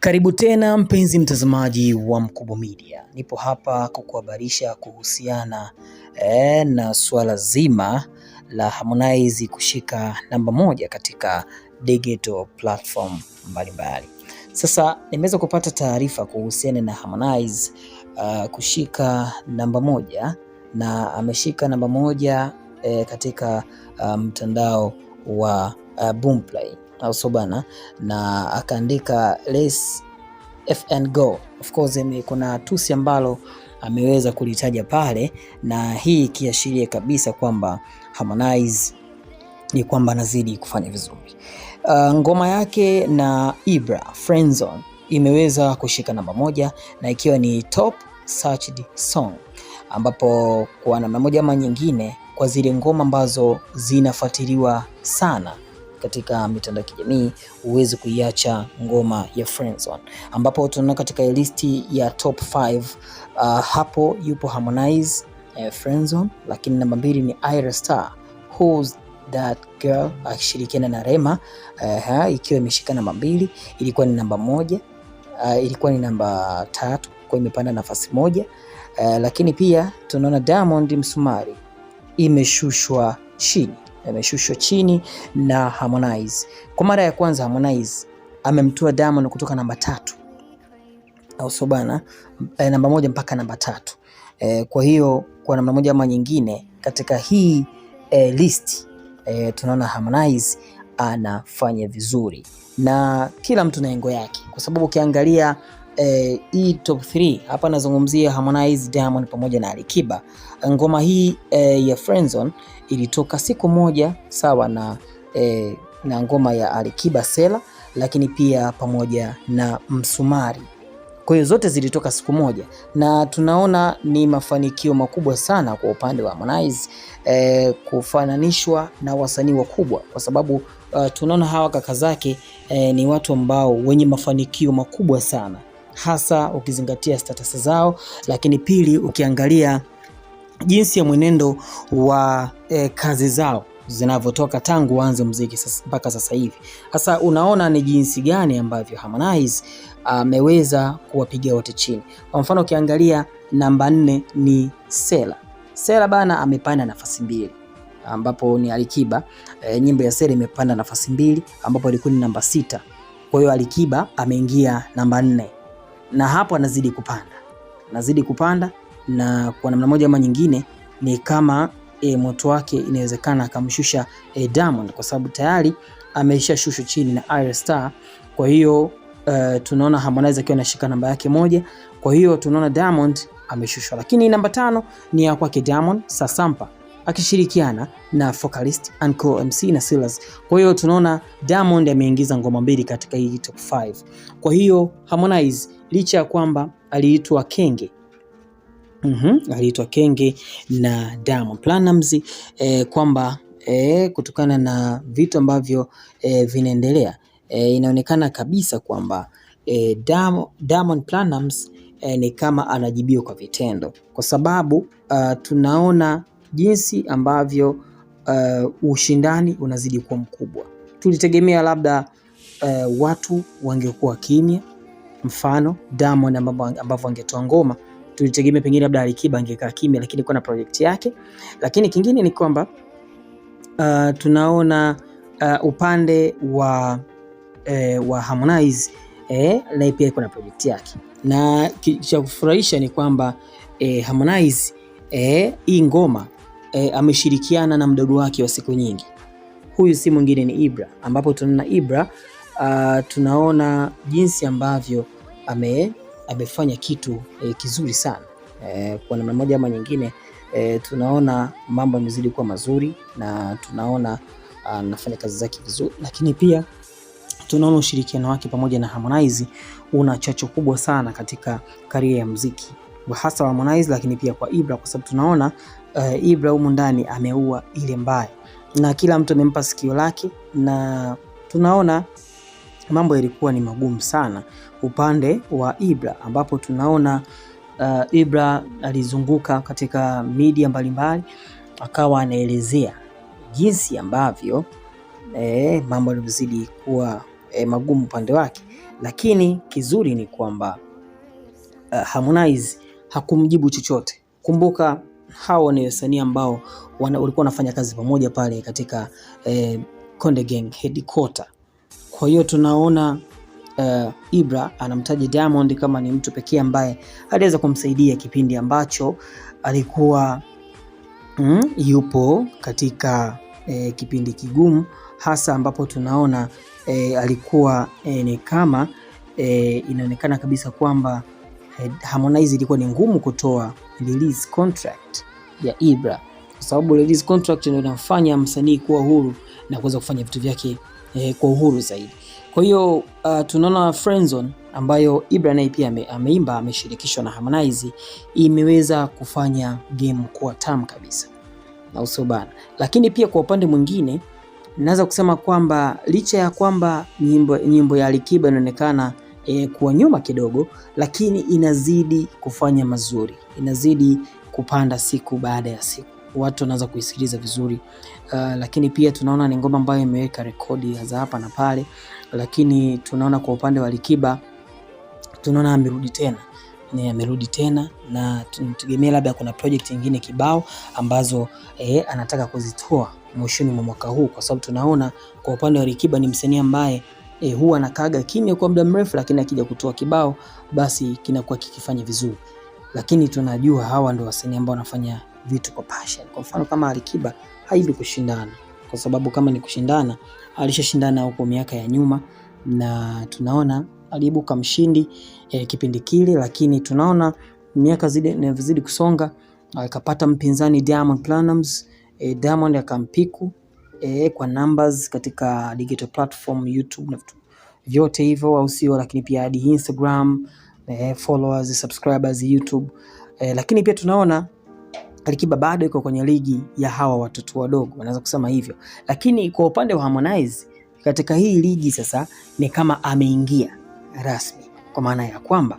Karibu tena mpenzi mtazamaji wa Mkubwa Media, nipo hapa kukuhabarisha kuhusiana e, na swala zima la Harmonize kushika namba moja katika digital platform mbalimbali. Sasa nimeweza kupata taarifa kuhusiana na Harmonize uh, kushika namba moja na ameshika namba moja e, katika mtandao wa uh, Boomplay au bana, na akaandika les FN go. Of course kuna tusi ambalo ameweza kulitaja pale, na hii ikiashiria kabisa kwamba Harmonize ni kwamba anazidi kufanya vizuri. Uh, ngoma yake na Ibra Friendzone imeweza kushika namba moja na ikiwa ni top searched song, ambapo kwa namna moja ama nyingine, kwa zile ngoma ambazo zinafuatiliwa sana katika mitandao ya kijamii, huwezi kuiacha ngoma ya Friendzone, ambapo tunaona katika listi ya top 5 uh, hapo yupo Harmonize eh, Friendzone, lakini namba mbili ni Ira Star Who's That Girl akishirikiana na Rema uh, ikiwa imeshika namba mbili, ilikuwa ni namba moja uh, ilikuwa ni namba tatu kwa imepanda nafasi moja uh, lakini pia tunaona Diamond Msumari imeshushwa chini yameshushwa chini na Harmonize. Kwa mara ya kwanza Harmonize amemtua Diamond kutoka namba tatu au sio bana, e, namba moja mpaka namba tatu. E, kwa hiyo kwa namna moja ama nyingine katika hii e, list e, tunaona Harmonize anafanya vizuri na kila mtu na engo yake, kwa sababu ukiangalia e, hii top 3 hapa nazungumzia Harmonize, Diamond pamoja na Alikiba. Ngoma hii e, ya Friendzone ilitoka siku moja sawa na, e, na ngoma ya Alikiba Sela, lakini pia pamoja na Msumari. Kwa hiyo zote zilitoka siku moja na tunaona ni mafanikio makubwa sana kwa upande wa Harmonize e, kufananishwa na wasanii wakubwa kwa sababu uh, tunaona hawa kaka zake e, ni watu ambao wenye mafanikio makubwa sana hasa ukizingatia status zao, lakini pili ukiangalia jinsi ya mwenendo wa e, kazi zao zinavyotoka tangu anze muziki mpaka sasa hivi. Sasa unaona ni jinsi gani ambavyo Harmonize ah, ameweza kuwapiga wote chini. Kwa mfano ukiangalia namba nne ni Sela. Sela bana amepanda nafasi mbili ambapo ni Alikiba e, nyimbo ya Sela imepanda nafasi mbili ambapo ilikuwa ni namba sita. Kwa hiyo Alikiba ameingia namba nne na hapo anazidi kupanda, anazidi kupanda na kwa namna moja ama nyingine ni kama e, moto wake inawezekana akamshusha e, Diamond kwa sababu tayari ameshashushwa chini na Ayra Starr. Kwa hiyo e, tunaona Harmonize akiwa anashika namba yake moja, kwa hiyo tunaona Diamond ameshushwa, lakini namba tano ni ya kwake Diamond Sasampa akishirikiana na Vocalist Uncle MC na Silas. Kwa hiyo tunaona Diamond ameingiza ngoma mbili katika hii top 5. Kwa hiyo Harmonize licha ya kwamba aliitwa kenge mm -hmm, aliitwa Kenge na Diamond Platnumz e, kwamba e, kutokana na vitu ambavyo e, vinaendelea e, inaonekana kabisa kwamba eh, Diamond Platnumz e, ni kama anajibiwa kwa vitendo, kwa sababu uh, tunaona jinsi ambavyo uh, ushindani unazidi kuwa mkubwa. Tulitegemea labda uh, watu wangekuwa kimya, mfano Diamond ambavyo angetoa ngoma tulitegemea pengine labda Alikiba angekaa kimya, lakini alikuwa na project yake. Lakini kingine ni kwamba uh, tunaona uh, upande wa eh, wa Harmonize eh, naye pia kuna project yake, na cha kufurahisha ni kwamba eh, Harmonize eh, hii ngoma eh, ameshirikiana na mdogo wake wa siku nyingi, huyu si mwingine ni Ibra, ambapo tunaona Ibra uh, tunaona jinsi ambavyo ame amefanya kitu e, kizuri sana e, kwa namna moja ama nyingine e, tunaona mambo yamezidi kuwa mazuri na tunaona ah, anafanya kazi zake vizuri, lakini pia tunaona ushirikiano wake pamoja na Harmonize una chachu kubwa sana katika karia ya muziki hasa Harmonize, lakini pia kwa Ibra kwa sababu tunaona uh, Ibra humu ndani ameua ile mbaya na kila mtu amempa sikio lake na tunaona mambo yalikuwa ni magumu sana upande wa Ibra, ambapo tunaona uh, Ibra alizunguka katika media mbalimbali akawa anaelezea jinsi ambavyo eh, mambo yalivyozidi kuwa eh, magumu upande wake, lakini kizuri ni kwamba uh, Harmonize hakumjibu chochote. Kumbuka hao ni wasanii ambao walikuwa wanafanya kazi pamoja pale katika eh, Konde Gang headquarters. Kwa hiyo tunaona uh, Ibra anamtaja Diamond kama ni mtu pekee ambaye aliweza kumsaidia kipindi ambacho alikuwa mm, yupo katika eh, kipindi kigumu hasa ambapo tunaona eh, alikuwa eh, ni kama eh, inaonekana kabisa kwamba eh, Harmonize ilikuwa ni ngumu kutoa release contract ya Ibra kwa sababu release contract ndio inamfanya msanii kuwa huru na kuweza kufanya vitu vyake eh, kwa uhuru zaidi. Kwa hiyo uh, tunaona Friendzone ambayo Ibra naye pia ame, ameimba ameshirikishwa na Harmonize imeweza kufanya game kuwa tamu kabisa na usobana, lakini pia kwa upande mwingine naweza kusema kwamba licha ya kwamba nyimbo, nyimbo ya Alikiba inaonekana e, kuwa nyuma kidogo, lakini inazidi kufanya mazuri, inazidi kupanda siku baada ya siku watu wanaweza kuisikiliza vizuri. Uh, lakini pia tunaona ni ngoma ambayo imeweka rekodi za hapa na pale, lakini tunaona kwa upande wa Likiba tunaona amerudi tena amerudi tena na tunategemea labda kuna project nyingine kibao ambazo eh, anataka kuzitoa mwishoni mwa mwaka huu, kwa sababu tunaona kwa upande wa Alikiba ni msanii ambaye eh, huwa anakaga kimya kwa muda mrefu, lakini akija kutoa kibao basi kinakuwa kikifanya vizuri. Lakini tunajua hawa ndio wasanii ambao wanafanya vitu kwa passion. Kwa mfano kama Alikiba haibi kushindana, kwa sababu kama ni kushindana alishashindana huko miaka ya nyuma, na tunaona aliibuka mshindi e, kipindi kile, lakini tunaona miaka zinavyozidi kusonga akapata mpinzani Diamond Platnumz e, eh, Diamond akampiku e, kwa numbers katika digital platform YouTube na vitu vyote hivyo, au sio? Lakini pia hadi Instagram e, followers, subscribers YouTube e, lakini pia tunaona Alikiba bado yuko kwenye ligi ya hawa watoto wadogo, wanaweza kusema hivyo. Lakini kwa upande wa Harmonize katika hii ligi sasa ni kama ameingia rasmi, kwa maana ya kwamba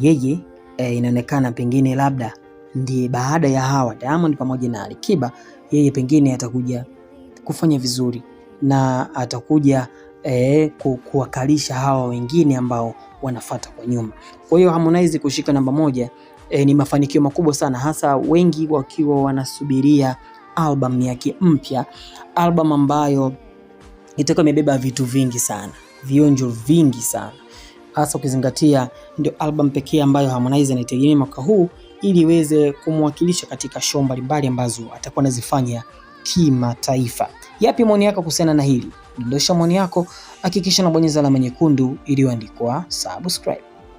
yeye e, inaonekana pengine labda ndiye baada ya hawa Diamond pamoja na Alikiba, yeye pengine atakuja kufanya vizuri na atakuja e, kuwakalisha hawa wengine ambao wanafata kwa nyuma. Kwa hiyo Harmonize kushika namba moja e, ni mafanikio makubwa sana, hasa wengi wakiwa wanasubiria album yake mpya, album ambayo itakuwa imebeba vitu vingi sana, vionjo vingi sana hasa ukizingatia ndio album pekee ambayo Harmonize anaitegemea mwaka huu ili iweze kumwakilisha katika show mbalimbali ambazo atakuwa anazifanya kimataifa. Yapi maoni yako kuhusiana na hili? Dondosha maoni yako, hakikisha unabonyeza alama nyekundu iliyoandikwa subscribe.